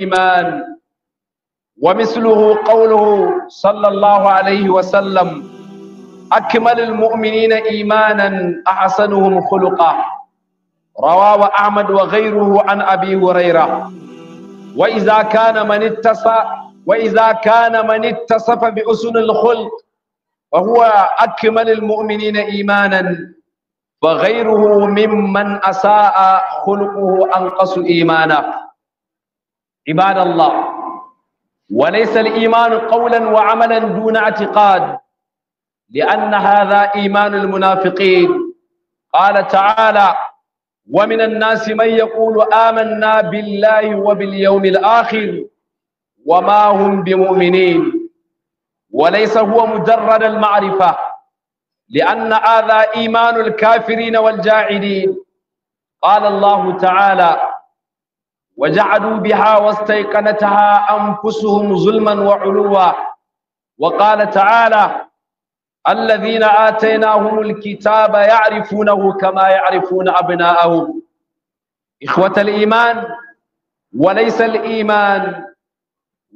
الإيمان ومثله قوله صلى الله عليه وسلم أكمل المؤمنين إيمانا أحسنهم خلقا رواه أحمد وغيره عن أبي هريرة وإذا كان من اتصف وإذا كان من اتصف بأسن الخلق وهو أكمل المؤمنين إيمانا فغيره ممن أساء خلقه أنقص إيمانا عباد الله وليس الإيمان قولا وعملا دون اعتقاد لأن هذا إيمان المنافقين قال تعالى ومن الناس من يقول آمنا بالله وباليوم الآخر وما هم بمؤمنين وليس هو مجرد المعرفة لأن هذا إيمان الكافرين والجاعلين قال الله تعالى وجعلوا بها واستيقنتها أنفسهم ظلما وعلوا وقال تعالى الذين آتيناهم الكتاب يعرفونه كما يعرفون أبناءهم إخوة الإيمان وليس الإيمان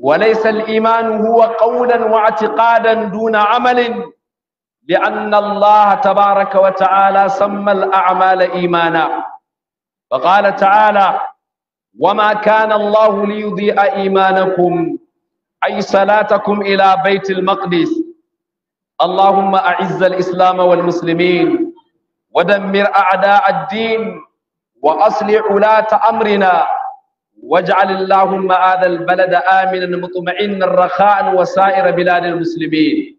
وليس الإيمان هو قولا واعتقادا دون عمل لأن الله تبارك وتعالى سمى الأعمال إيمانا فقال تعالى وما كان الله ليضيء إيمانكم أي صلاتكم إلى بيت المقدس اللهم أعز الإسلام والمسلمين ودمر أعداء الدين وأصلح ولاة أمرنا واجعل اللهم هذا البلد آمنا مطمئنا رخاء وسائر بلاد المسلمين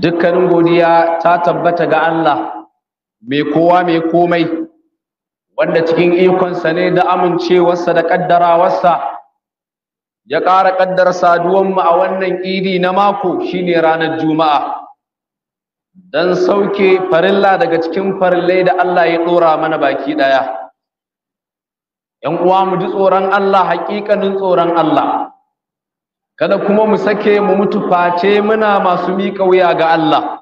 dukkanin godiya ta tabbata ga Allah mai kowa mai komai wanda cikin ikonsa ne da amincewarsa da ƙaddarawarsa ya ƙara duwan mu a wannan idi na mako shine ranar juma'a don sauke farilla daga cikin farillai da Allah ya ɗora mana baki ɗaya ‘yan uwa mu ji tsoron Allah haƙiƙanin tsoron Allah kada kuma mu sake mu mutu face muna masu miƙa wuya ga Allah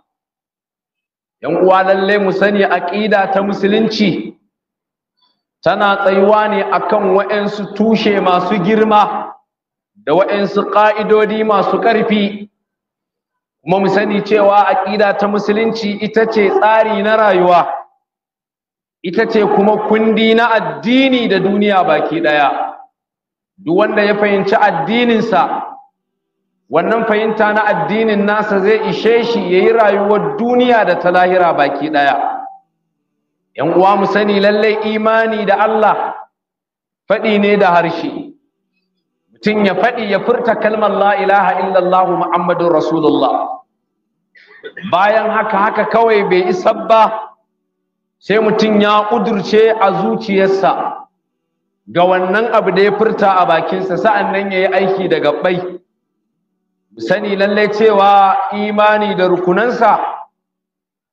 yan uwa lalle mu sani aƙida ta musulunci tana tsayuwa ne akan wa'ansu tushe masu girma da wa'ansu ƙa'idodi masu ƙarfi kuma mu sani cewa aƙida ta musulunci ita ce tsari na rayuwa ita ce kuma kundi na addini da duniya baki ɗaya duk wanda ya fahimci addininsa wannan fahimta na addinin nasa zai ishe shi yayi rayuwar duniya da ta lahira baki ɗaya. yan uwa mu sani lallai imani da Allah faɗi ne da harshe mutum ya faɗi ya furta kalmar la ilaha illallah muhammadun rasulullah bayan haka haka kawai bai isa ba sai mutum ya ƙudurce a zuciyarsa ga wannan abu da ya furta a bakinsa sa'an nan ya yi aiki da gaɓai sani lallai cewa imani da rukunansa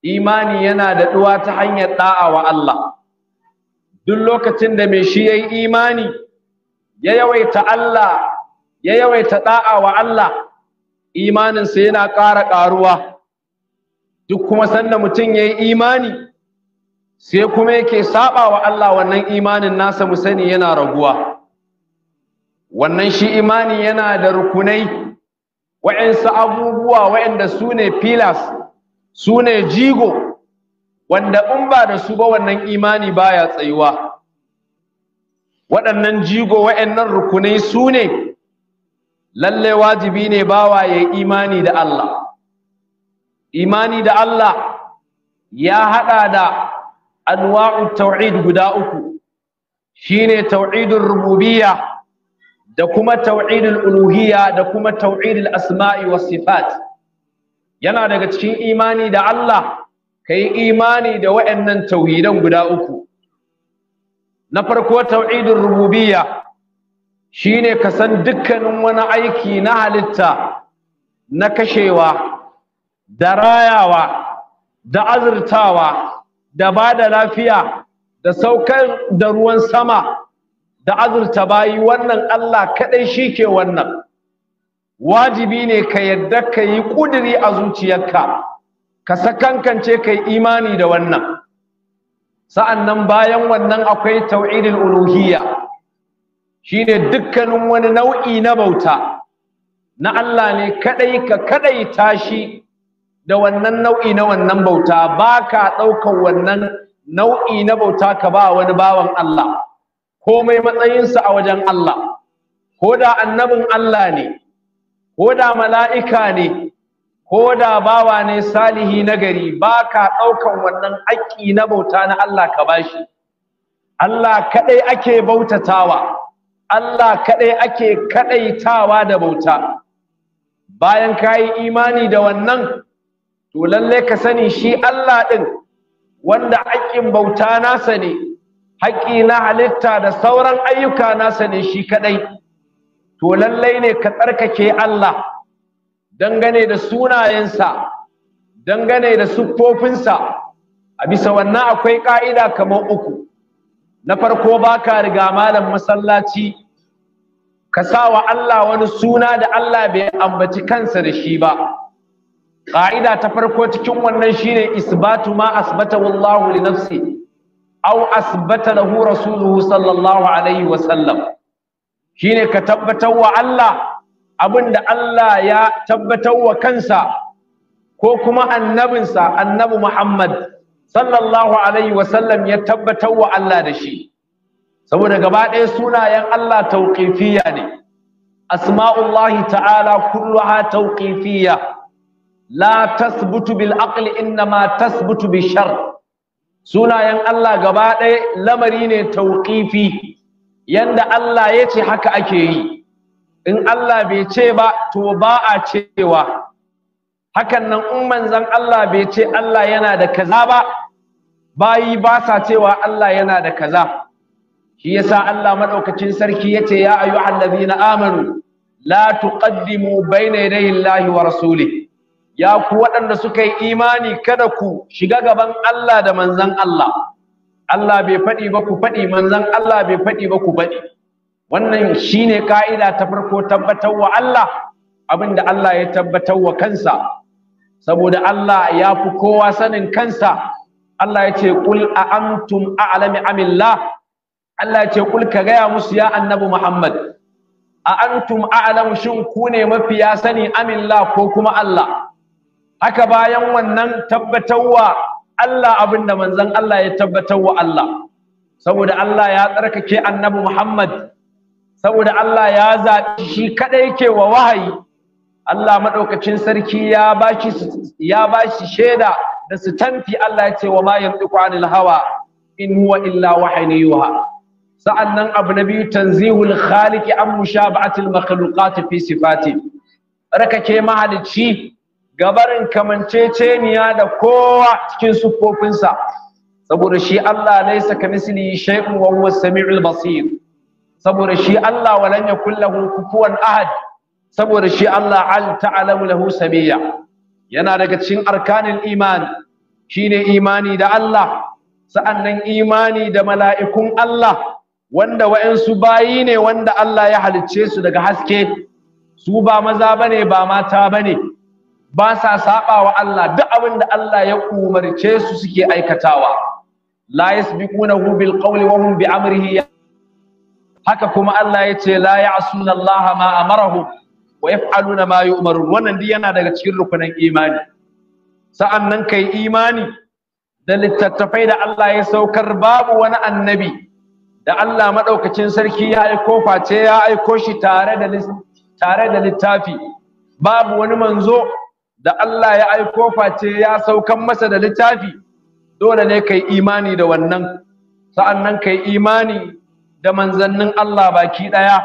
imani yana da duwa ta hanyar ɗa'awa wa Allah duk lokacin da mai shi ya imani ya yawaita Allah ya yawaita da'a wa Allah imaninsa yana ƙara ƙaruwa duk kuma sanda mutum yayi imani sai kuma yake saba wa Allah wannan imanin nasa musani yana raguwa wannan shi imani yana da rukunai wa'ansu abubuwa waɗanda su ne sune su ne jigo wanda in ba da su ba wannan imani baya tsayuwa waɗannan jigo wa'annan rukunai su ne lalle wajibi ne bawa ya imani da Allah imani da Allah ya haɗa da anwa'u tauhid guda uku shine tauhidul rububiyya da kuma tauhidul uluhiyya da kuma tauhidul asma'i was sifat yana daga cikin imani da Allah kai imani da waɗannan tauhidan guda uku na farko tauhidul rububiyya shine ka san dukkanin wani aiki na halitta na kashewa da rayawa da azurtawa da bada lafiya da saukar da ruwan sama da azurta bayi wannan Allah kaɗai shi ke wannan wajibi ne ka yadda ka yi ƙudiri a zuciyarka ka sakankance ka yi imani da wannan sa'an nan bayan wannan akwai tau'idin uluhiyya shi ne dukkanin wani nau'i na bauta na Allah ne kaɗai ka kaɗai tashi da wannan nau'i na wannan bauta ba ka ɗaukar wannan nau'i na bauta ka ba wani bawan Allah komai matsayinsa a wajen Allah ko da annabin Allah ne ko da mala'ika ne ko da bawa ne salihi nagari ba ka ɗaukan wannan aiki na bauta na Allah ka bashi Allah kaɗai ake bautatawa Allah kaɗai ake kaɗaitawa da bauta bayan ka yi imani da wannan to lallai ka sani shi Allah ɗin wanda haƙƙin bauta nasa ne haƙƙi na halitta da sauran ayyuka nasa ne shi kaɗai to lallai ne ka tsarkake Allah dangane da sunayensa dangane da siffofinsa a bisa wannan akwai ƙa'ida kamar uku na farko baka riga malam masallaci ka sa wa Allah wani suna da Allah bai ambaci kansa da shi ba ƙa'ida ta farko cikin wannan shine isbatu ma asbata wallahu li nafsi au asbata lahu rasuluhu sallallahu alaihi wa sallam shine ka tabbatar wa Allah abinda Allah ya tabbatar wa kansa ko kuma annabinsa annabi Muhammad sallallahu alaihi wa sallam ya tabbatar wa Allah da shi saboda gaba ɗaya sunayen Allah tauqifiyya ne asma'ullahi ta'ala kulluha tauqifiyya la tasbutu bil aqli inma tasbutu bi shar' sunayen Allah gaba ɗaya lamari ne tauƙifi yanda Allah ya ce haka ake yi in Allah bai ce ba to ba a cewa hakan nan in manzon Allah bai ce Allah yana da kaza ba bayi ba sa cewa Allah yana da kaza shi yasa Allah madaukakin sarki yace ya ayyuhallazina amanu la tuqaddimu bayna yadayi Allahi wa rasulihi ya ku waɗanda suka yi imani kada ku shiga gaban Allah da manzan Allah Allah bai faɗi ba ku faɗi manzan Allah bai faɗi ba ku faɗi wannan shine ka'ida ta farko tabbatar wa Allah abinda Allah ya tabbatar wa kansa saboda Allah ya fi kowa sanin kansa Allah ya ce kul a antum a'lami amillah Allah ya ce kul ka gaya musu ya annabi Muhammad a antum a'lamu shin ku ne mafiya sani amillah ko kuma Allah haka bayan wannan tabbatarwa Allah abin da manzon Allah ya tabbatarwa Allah saboda Allah ya tsarkake annabi Muhammad saboda Allah ya zaɓi shi kaɗai yake wa wahayi Allah maɗaukacin sarki ya bashi ya bashi shaida da su tamfi Allah ya ce wa ma yantiqu anil hawa in huwa illa wahyun yuha sa'annan abu na biyu tanzihul khaliqi an mushabahatil makhluqat fi sifati rakake mahalicci gabarin kamanceceniya da kowa cikin siffofinsa saboda shi Allah laisa kamislihi shay'un wa huwa samiul basir saboda shi Allah walan yakul lahu kufuwan ahad saboda shi Allah al ta'lamu lahu samiyya yana daga cikin arkanin imani shine imani da Allah sa'annan imani da mala'ikun Allah wanda wa'ansu bayi ne wanda Allah ya halicce su daga haske su ba maza bane ba mata bane ba sa saba wa Allah duk abin da Allah ya umarce su suke aikatawa la yasbiqunahu bil qawli wa hum bi amrihi haka kuma Allah ya ce la ya'suna Allah ma amarahu wa yaf'aluna ma yu'marun wannan duk yana daga cikin rukunin imani sa'annan kai imani da littattafai da Allah ya saukar babu wani annabi da Allah madaukakin sarki ya aiko face ya aiko shi tare da tare da littafi babu wani manzo da Allah ya aiko face ya saukan masa da littafi dole ne kai imani da wannan sa'annan kai imani da manzannin Allah baki daya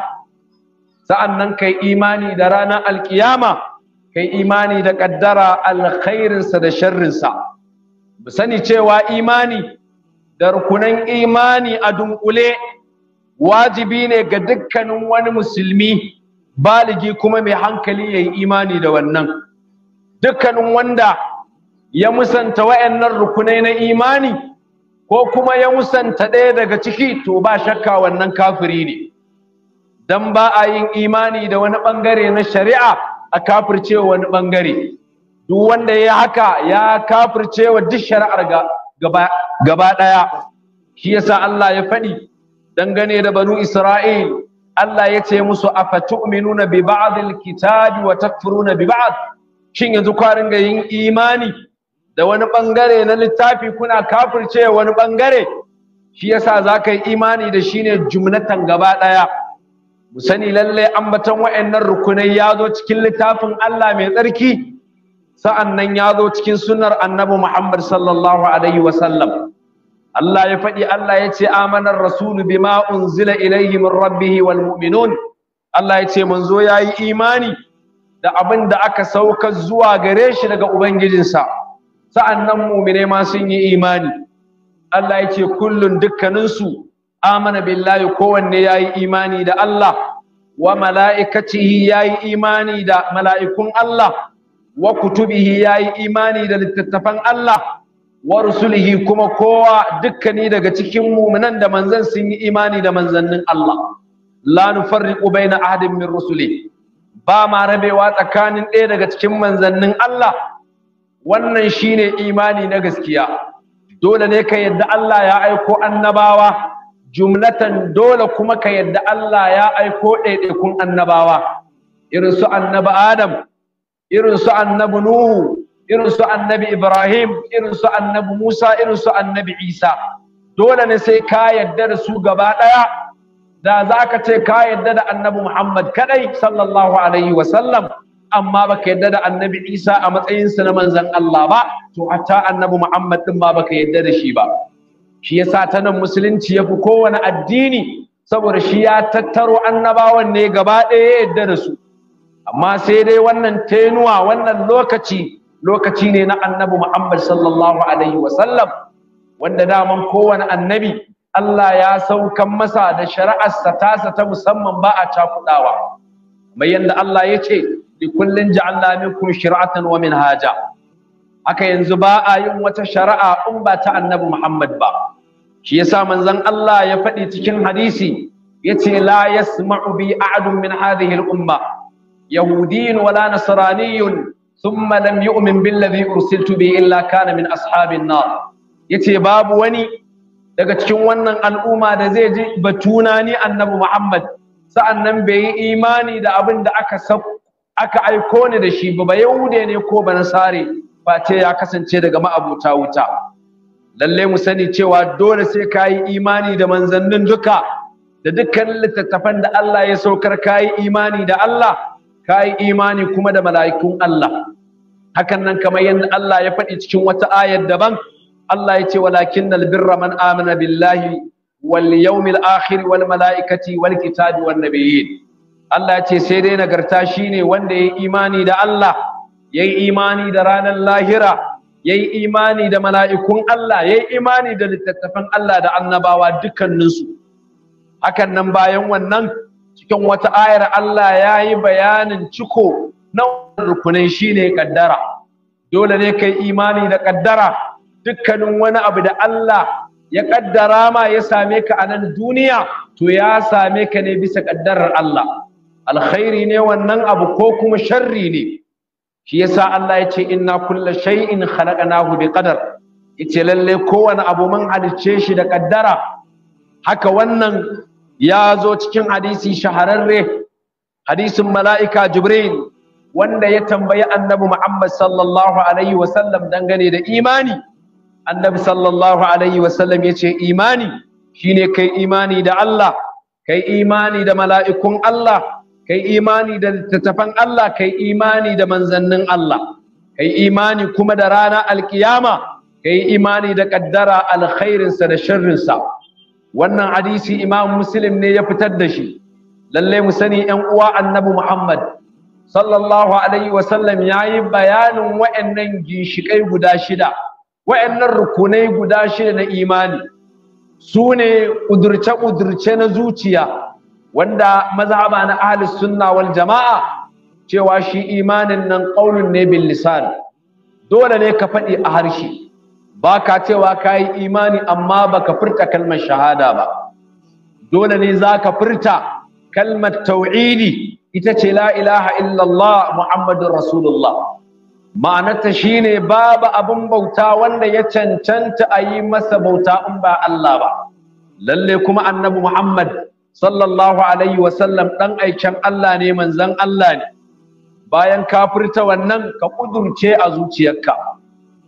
sa'annan kai imani da ranar alkiyama kai imani da kaddara alkhairinsa da sharrinsa mu sani cewa imani da rukunan imani a dunkule wajibi ne ga dukkanin wani musulmi baligi kuma mai hankali ya imani da wannan dukkanin wanda ya musanta wayannan rukunai na imani ko kuma ya musanta ɗaya daga ciki to ba shakka wannan kafiri ne dan ba a yin imani da wani bangare na shari'a a kafircewa wani bangare duk wanda ya haka ya kafircewa duk shari'ar gaba ɗaya shi yasa Allah ya faɗi dangane da banu Isra'il Allah ya ce musu afatu'minuna bi ba'dil kitabi wa takfuruna bi ba'd shin yanzu kwarin ga yin imani da wani bangare na littafi kuna kafirce wani bangare shi yasa za ka yi imani da shi ne jumlatan gaba ɗaya mu sani lallai ambaton wa'annan rukunai ya zo cikin littafin Allah mai tsarki sa'an nan ya zo cikin sunnar annabi Muhammad sallallahu alaihi wasallam Allah ya faɗi Allah ya ce amanar rasulu bima unzila ilaihi min rabbihi wal mu'minun Allah ya ce manzo yayi imani da abin da aka saukar zuwa gare shi daga ubangijinsa sa'annan muminai ma sun yi imani Allah ya ce kullun dukkaninsu amana billahi kowanne ya yi imani da Allah wa mala'ikatihi ya yi imani da mala'ikun Allah wa kutubihi ya yi imani da littattafan Allah wa rusulihi kuma kowa dukkani daga cikin muminan da manzan sun yi imani da manzannin Allah la nufarriqu na ahadin min rusuli ba ma rabewa tsakanin ɗaya daga cikin manzannin Allah wannan shine imani na gaskiya dole ne ka yadda Allah ya aiko annabawa jumlatan dole kuma ka yadda Allah ya aiko ɗaiɗaikun annabawa irin su annabi Adam irin su annabi Nuhu irin su annabi Ibrahim irin su annabi Musa irin su annabi Isa dole ne sai ka yadda da su gaba ɗaya da za ka ce ka yadda da annabi Muhammad kadai sallallahu alaihi wasallam amma baka yadda da annabi Isa a sa na manzon Allah ba to hatta annabi Muhammad din ma baka yadda da shi ba shi yasa ta nan musulunci yafi kowane addini saboda shi ya tattaro annabawan ne gaba ɗaya ya yadda da su amma sai dai wannan tenuwa wannan lokaci lokaci ne na annabi Muhammad sallallahu alaihi wasallam wanda daman kowane annabi Allah ya saukan masa da shari'arsa tasa ta musamman ba a cakudawa Mai yadda Allah ya ce li kullin ja'alna minkum shir'atan wa haja. haka yanzu ba a yin wata shari'a in ba ta Annabi Muhammad ba shi yasa manzon Allah ya faɗi cikin hadisi yace la yasma'u bi a'dun min hadhihi umma yahudiyyin wala nasraniyyun thumma lam yu'min billadhi ursiltu bi illa kana min ashabin nar yace babu wani daga cikin wannan al'umma da zai ji batuna ni annabi Muhammad sa'annan bai yi imani da abin da aka aka aiko ni da shi ba ba yahude ne ko ba nasare ba ce ya kasance daga ma'abuta wuta lalle mu sani cewa dole sai ka yi imani da manzannin duka da dukkan littattafan da Allah ya saukar ka yi imani da Allah ka yi imani kuma da mala'ikun Allah hakan nan kamar yadda Allah ya faɗi cikin wata ayar daban Allah ya ce walakin birra man amana billahi wal yawmil akhir wal malaikati wal kitabi wan nabiyyin Allah ya ce sai dai nagarta shine wanda yayi imani da Allah yayi imani da ranar lahira yayi imani da mala'ikun Allah yayi imani da littattafan Allah da annabawa dukkaninsu hakan nan bayan wannan cikin wata ayar Allah ya yi bayanin ciko na rukunin shine kaddara dole ne kai imani da kaddara dukkanin wani abu da Allah ya ƙaddara ma ya same ka a nan duniya to ya same ka ne bisa ƙaddarar Allah alkhairi ne wannan abu ko kuma sharri ne shi yasa Allah ya ce inna kulla shay'in khalaqnahu bi qadar yace lalle kowane abu mun halicce shi da ƙaddara. haka wannan ya zo cikin hadisi shahararre hadisin mala'ika jibril wanda ya tambayi annabi muhammad sallallahu alaihi wasallam dangane da imani annabi sallallahu alaihi wasallam ya ce imani shine kai imani da Allah kai imani da mala'ikun Allah kai imani da littattafan Allah kai imani da manzannin Allah kai imani kuma da rana alkiyama kai imani da kaddara alkhairinsa da sharrinsa wannan hadisi imam muslim ne ya fitar da shi lalle mu sani yan uwa annabi muhammad sallallahu alaihi wasallam ya yi bayanin wa'annan ginshikai guda shida wa'annan rukunai guda shida na imani su ne ƙudurce-ƙudurce na zuciya wanda mazhaba na ahli sunna wal jama'a cewa shi imanin nan ƙaunin ne bin lisan dole ne ka faɗi a harshe ba ka cewa ka yi imani amma ba ka furta kalmar shahada ba dole ne za ka furta kalmar tau'idi ita ce la ilaha illallah muhammadun rasulullah ma'anarta shine babu abin bauta wanda ya cancanta a yi masa bauta in ba Allah ba lalle kuma annabi Muhammad sallallahu alaihi wasallam dan aikin Allah ne manzon Allah ne bayan kafirta wannan ka kudurce a zuciyarka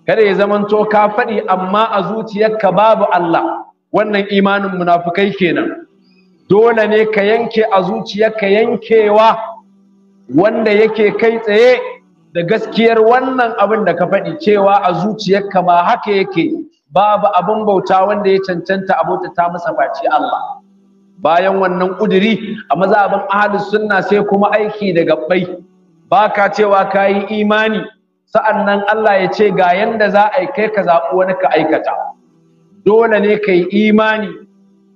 kada ya zamanto ka faɗi amma a zuciyarka babu Allah wannan imanin munafukai kenan dole ne ka yanke a zuciyarka yankewa wanda yake kai tsaye da gaskiyar wannan abin da ka faɗi cewa a zuciyarka ma haka yake babu abin bauta wanda ya cancanta a ta masa face Allah bayan wannan ƙuduri a mazabin ahli sunna sai kuma aiki da gabbai baka cewa kayi imani sa'annan Allah ya ce ga yanda za a kai ka zaɓi wani ka aikata dole ne ka yi imani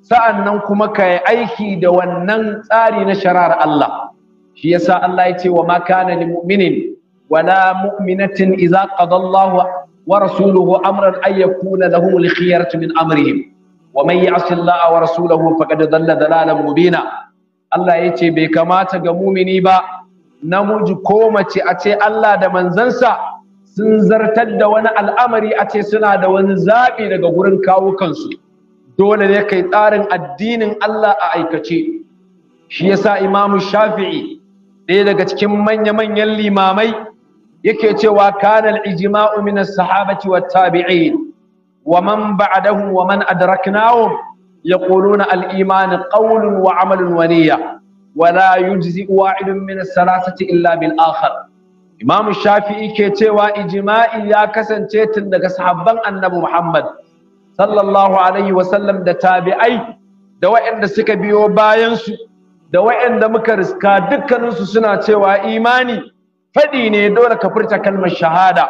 sa'annan kuma ka yi aiki da wannan tsari na shari'ar Allah shi yasa Allah ya ce wa ma kana lil mu'minin ولا مؤمنة إذا قضى الله ورسوله أمرا أن يكون لهم الخيرة من أمرهم ومن يعص الله ورسوله فقد ضل ضلالا مبينا Allah ya ce bai kamata ga mumini ba namiji ko mace a ce Allah da manzansa sun zartar da wani al'amari a suna da wani zaɓi daga gurin kawo kansu dole ne kai tsarin addinin Allah a aikace shi yasa imamu shafi'i Daya daga cikin manya-manyan limamai yake cewa kana al-ijma'u min as-sahabati wat-tabi'in wa man ba'dahum wa man adraknahum yaquluna al-iman qawlun wa 'amalun wa niyya wa la yujzi wa'idun min as-salasati illa bil akhar Imam Shafi'i ke cewa ijma'i ya kasance tun daga sahabban Annabi Muhammad sallallahu alaihi wa sallam da tabi'ai da waɗanda suka biyo bayan su da waɗanda muka riska dukkaninsu suna cewa imani faɗi ne dole ka furta kalmar shahada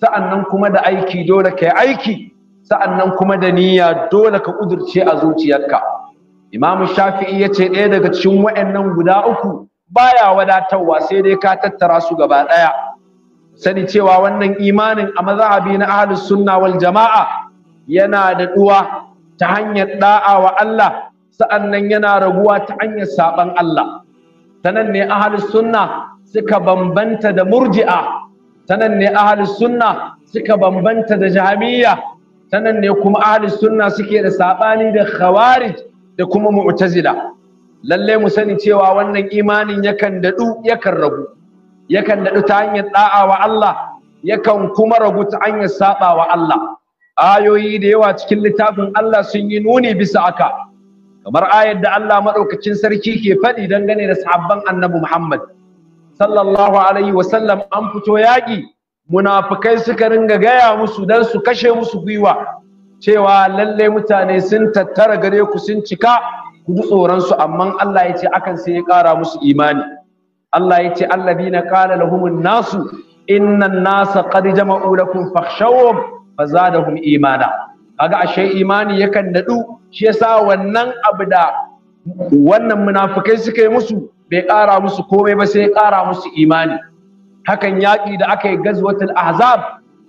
sa'annan kuma da aiki dole ka yi aiki sa'annan kuma da niyya dole ka ƙudurce a zuciyarka imamu shafi'i ya ce ɗaya daga cikin wa'annan guda uku baya wadatarwa sai dai ka tattara su gaba ɗaya sani cewa wannan imanin a mazhabi na ahlus sunna wal jama'a yana da duwa ta hanyar da'a wa Allah sa'annan yana raguwa ta hanyar saban Allah sanan ne ahlus sunna suka bambanta da murji'a tanan ne ahli sunna suka bambanta da jahamiyya tanan ne kuma ahli sunna suke da sabani da khawarij da kuma mu'tazila lalle mu sani cewa wannan imanin yakan dadu yakan ragu yakan dadu ta hanyar da'a wa Allah yakan kuma ragu ta hanyar saba wa Allah ayoyi da yawa cikin littafin Allah sun yi nuni bisa aka. kamar ayar da Allah madaukakin sarki ke faɗi dangane da sahabban Annabi Muhammad sallallahu alaihi wasallam an fito yaƙi munafukai suka ringa gaya musu don su kashe musu gwiwa cewa lalle mutane sun tattara gare ku sun cika ku ji tsoronsu amma Allah ya ce akan sai ya ƙara musu imani Allah ya ce alladina qala lahumun nasu innan nasa qad jama'u lakum fakhshawhum fazadahum imana kaga ashe imani yakan nadu shi yasa wannan abu da wannan munafukai suka yi musu bai ƙara musu komai ba sai ya ƙara musu imani hakan yaƙi da aka yi gazwatul ahzab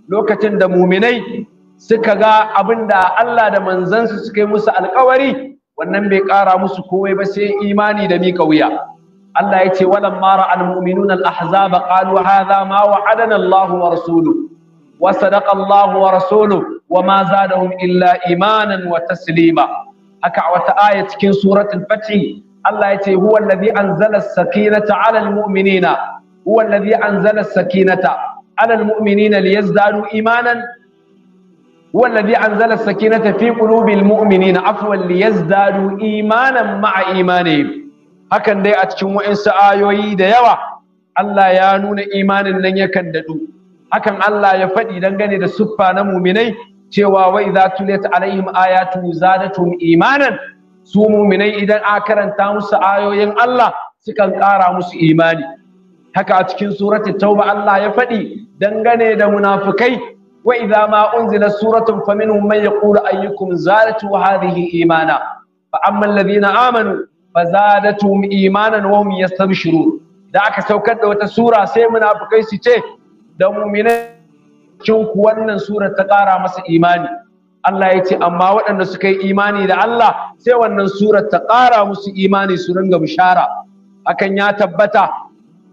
lokacin da muminai suka ga abin da Allah da manzansu suka yi musu alƙawari wannan bai ƙara musu komai ba sai imani da miƙa wuya Allah ya ce walan mara al mu'minuna al ahzaba qalu hadha ma wa'adana Allah wa rasuluhu wa sadaqa Allah wa rasuluhu wa ma zadahum illa imanan wa taslima haka wata aya cikin suratul fatih Allah ya ce huwa allazi anzala as-sakinata 'ala al-mu'minina huwa anzala as-sakinata 'ala al-mu'minina liyazdadu imanan huwa anzala as-sakinata fi qulubi al-mu'minina afwan liyazdadu imanan ma'a imanihim hakan dai a cikin wa'ansu ayoyi da yawa Allah ya nuna imanin nan yakan dadu hakan Allah ya faɗi dangane da suffa na muminai cewa wa idza tuliyat alaihim ayatu zadatuhum imanan su muminai idan a karanta musu ayoyin Allah sukan ƙara musu imani haka a cikin suratul tauba Allah ya faɗi dangane da munafikai wa idza ma unzila suratun faminhum man yaqulu ayyukum zadatu hadhihi imana fa amma alladhina amanu fazadatuhum imanan wa hum yastabshirun da aka saukar da wata sura sai munafukai su ce da mu'minai cin ku wannan sura ta ƙara masa imani Allah ya ce amma waɗanda suka yi imani da Allah sai wannan surar ta ƙara musu imani su ringa bishara hakan ya tabbata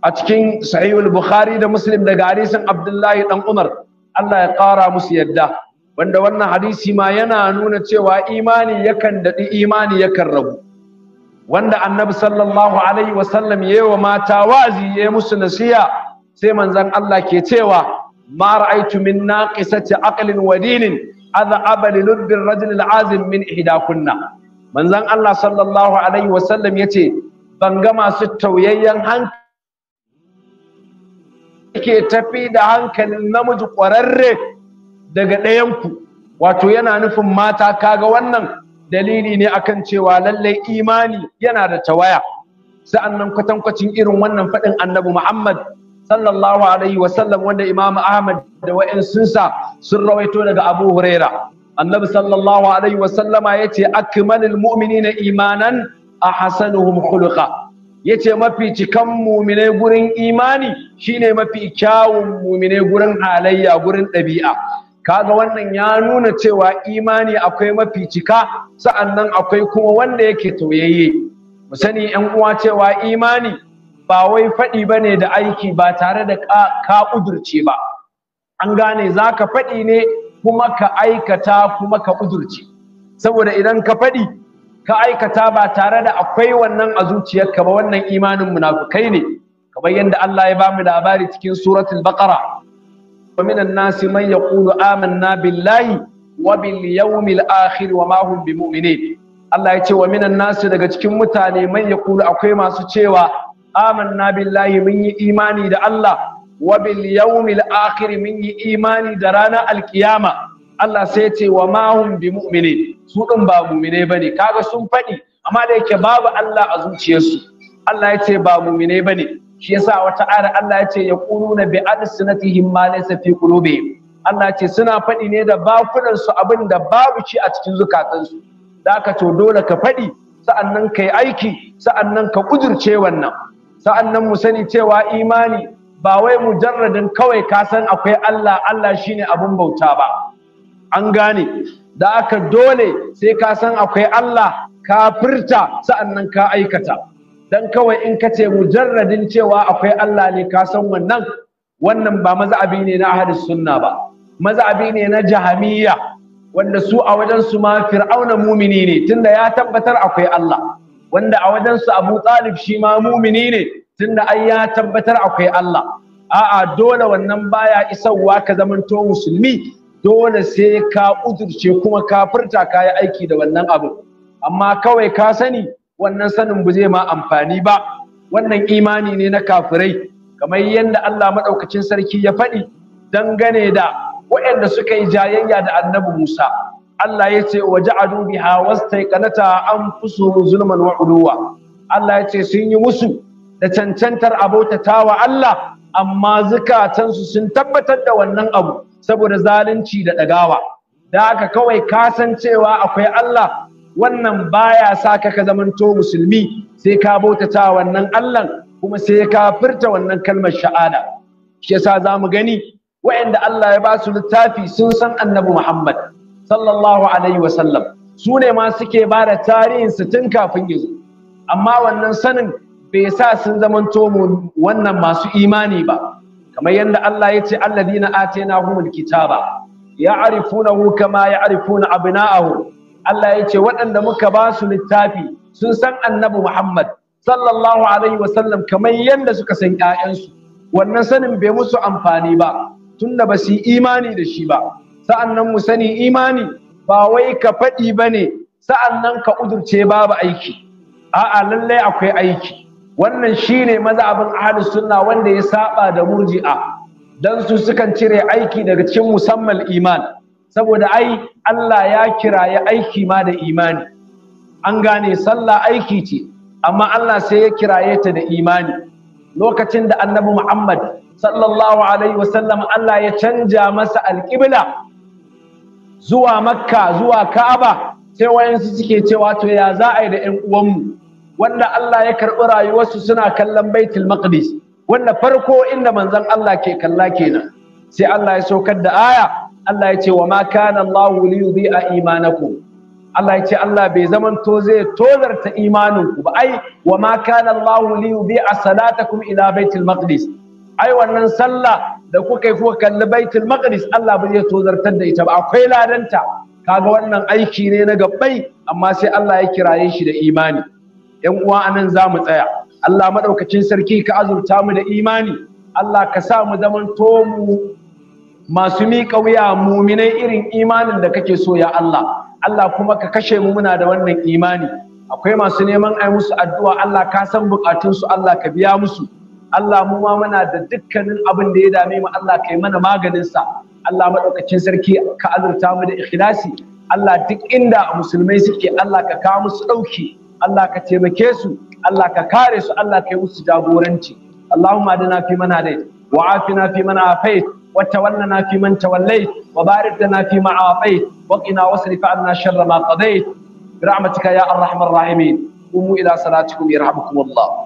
a cikin sahihul bukhari da muslim daga hadisin abdullahi dan umar Allah ya ƙara musu yadda wanda wannan hadisi ma yana nuna cewa imani yakan daɗi imani yakan rabu wanda annabi sallallahu alaihi wasallam ya wa mata wazi ya musu nasiya sai manzon Allah ke cewa ma ra'aytu min naqisati aqlin wa dinin adhaba lilubbi rajul azim min ihdakunna manzon Allah sallallahu alaihi wasallam yace ban ga masu tauyayyen hankali ke tafi da hankalin namiji ƙwararre daga ɗayanku wato yana nufin mata kaga wannan dalili ne akan cewa lallai imani yana da tawaya sa'annan kwatankwacin irin wannan faɗin annabi Muhammad sallallahu alaihi wasallam wanda imam ahmad da wa'in sunsa sun rawaito daga abu huraira annabi sallallahu alaihi wasallama ya ce akmalul mu'minina imanan a hasanuhum khuluqa ya ce mafi cikan muminai gurin imani shine mafi kyawun muminai gurin halayya gurin ɗabi'a kaga wannan ya nuna cewa imani akwai mafi cika sa'annan akwai kuma wanda yake toyayye mu sani yan uwa cewa imani ba wai faɗi ba ne da aiki ba tare da ka ƙudurce ba an gane za ka faɗi ne kuma ka aikata kuma ka ƙudurce saboda idan ka faɗi ka aikata ba tare da akwai wannan a zuciyarka ba wannan imanin munafukai ne kamar yadda Allah ya bamu labari cikin suratul baqara wa minan nasi man yaqulu amanna billahi wa bil yawmil akhir wa ma hum bimu'minin Allah ya ce wa minan nasi daga cikin mutane man yaqulu akwai masu cewa amanna billahi mun yi imani da Allah wa bil yawmil akhir mun yi imani da ranar alkiyama Allah sai ya ce wa ma hum bi mu'mini su din ba mu'mine bane kaga sun faɗi amma da yake babu Allah a zuciyarsu Allah ya ce ba mu'mine bane shi yasa wata ayar Allah ya ce ya quluna bi adsinatihim ma laysa fi qulubihim Allah ce suna faɗi ne da bakunan su abin da babu shi a cikin zukatansu da aka to dole ka faɗi sa'annan ka aiki sa'annan ka kudurce wannan sa'annan mu sani cewa imani ba wai mujarradin kawai ka san akwai Allah Allah shine abun bauta ba an gane da aka dole sai ka san akwai Allah ka furta sa'annan ka aikata dan kawai in ka ce mujarradin cewa akwai Allah ne ka san wannan wannan ba maz'abi ne na ahlus sunna ba maz'abi ne na jahamiyya wanda su a wajen su ma fir'auna mumini ne tunda ya tabbatar akwai Allah wanda a wajensu Abu Talib shi ma mumini ne tunda ai ya tabbatar akwai Allah a'a dole wannan baya isarwa ka zamanto musulmi dole sai ka uzurce kuma ka furta ka yi aiki da wannan abu amma kawai ka sani wannan sanin ba zai ma amfani ba wannan imani ne na kafirai kamar yadda Allah maɗaukacin sarki ya faɗi dangane da waɗanda suka yi jayayya da annabi Musa Allah ya ce wa ja'adu biha an anfusuhum zulman wa uluwa Allah ya ce sun yi musu da cancantar abautatawa Allah amma zukatansu sun tabbatar da wannan abu saboda zalunci da dagawa da aka kawai cewa akwai Allah wannan baya sa ka ka zamanto musulmi sai ka bautata wannan Allah kuma sai ka furta wannan kalmar sha'ada shi yasa zamu gani wa'anda Allah ya ba su littafi sun san Annabi Muhammad sallallahu alaihi wasallam su ne ma suke ba da tarihin su tun kafin ya amma wannan sanin bai sa sun zamanto mu wannan masu imani ba kamar yadda Allah ya ce alladina atainahumul kitaba ya'rifunahu kama ya'rifuna abna'ahum Allah ya ce waɗanda muka ba su littafi sun san annabi Muhammad sallallahu alaihi wasallam kamar yadda suka san ƴaƴansu wannan sanin bai musu amfani ba tunda ba su yi imani da shi ba sa'annan mu sani imani ba wai ka faɗi ba ne sa'annan ka udurce babu aiki a'a lallai akwai aiki wannan shine abin ahlus sunna wanda ya saba da murji'a dan su sukan cire aiki daga cikin musammal iman saboda ai Allah ya kiraye aiki ma da imani an gane sallah aiki ce amma Allah sai ya kiraye ta da imani lokacin da annabi Muhammad sallallahu alaihi wasallam Allah ya canja masa alƙibla zuwa makka zuwa ka'aba sai wayansu suke cewa to ya za a yi da 'yan uwanmu wanda Allah ya karɓi rayuwarsu suna kallon baitul maqdis wanda farko inda manzon Allah ke kalla kenan sai Allah ya saukar da aya Allah ya ce wa ma kana Allah li yudhi'a imanakum Allah ya ce Allah bai zamanto zai tozarta imaninku ba ai wa ma kana Allah li yudhi'a salatakum ila baitul maqdis ai wannan sallah da kuka yi kuka kalli baitul maqdis Allah bai iya tozartar da ita ba akwai ladanta kaga wannan aiki ne na gabbai amma sai Allah ya kiraye shi da imani yan uwa anan za mu tsaya Allah madaukakin sarki ka azurta mu da imani Allah ka sa mu zaman mu masu miƙa wuya muminai irin imanin da kake so ya Allah Allah kuma ka kashe mu muna da wannan imani akwai masu neman ai musu addu'a Allah ka san su Allah ka biya musu Allah mu ma muna da dukkanin abin da ya dame mu Allah kai mana maganin sa Allah maɗaukacin sarki ka azurta mu da ikhlasi Allah duk inda musulmai suke Allah ka kawo musu ɗauki. Allah ka taimake su Allah ka kare su Allah kai musu jagoranci Allahumma adana fi man hadait wa afina fi man afait وتولنا في من توليت وبارك لنا فيما اعطيت وقنا واصرف عنا شر ما قضيت برحمتك يا ارحم الراحمين قوموا الى صلاتكم يرحمكم الله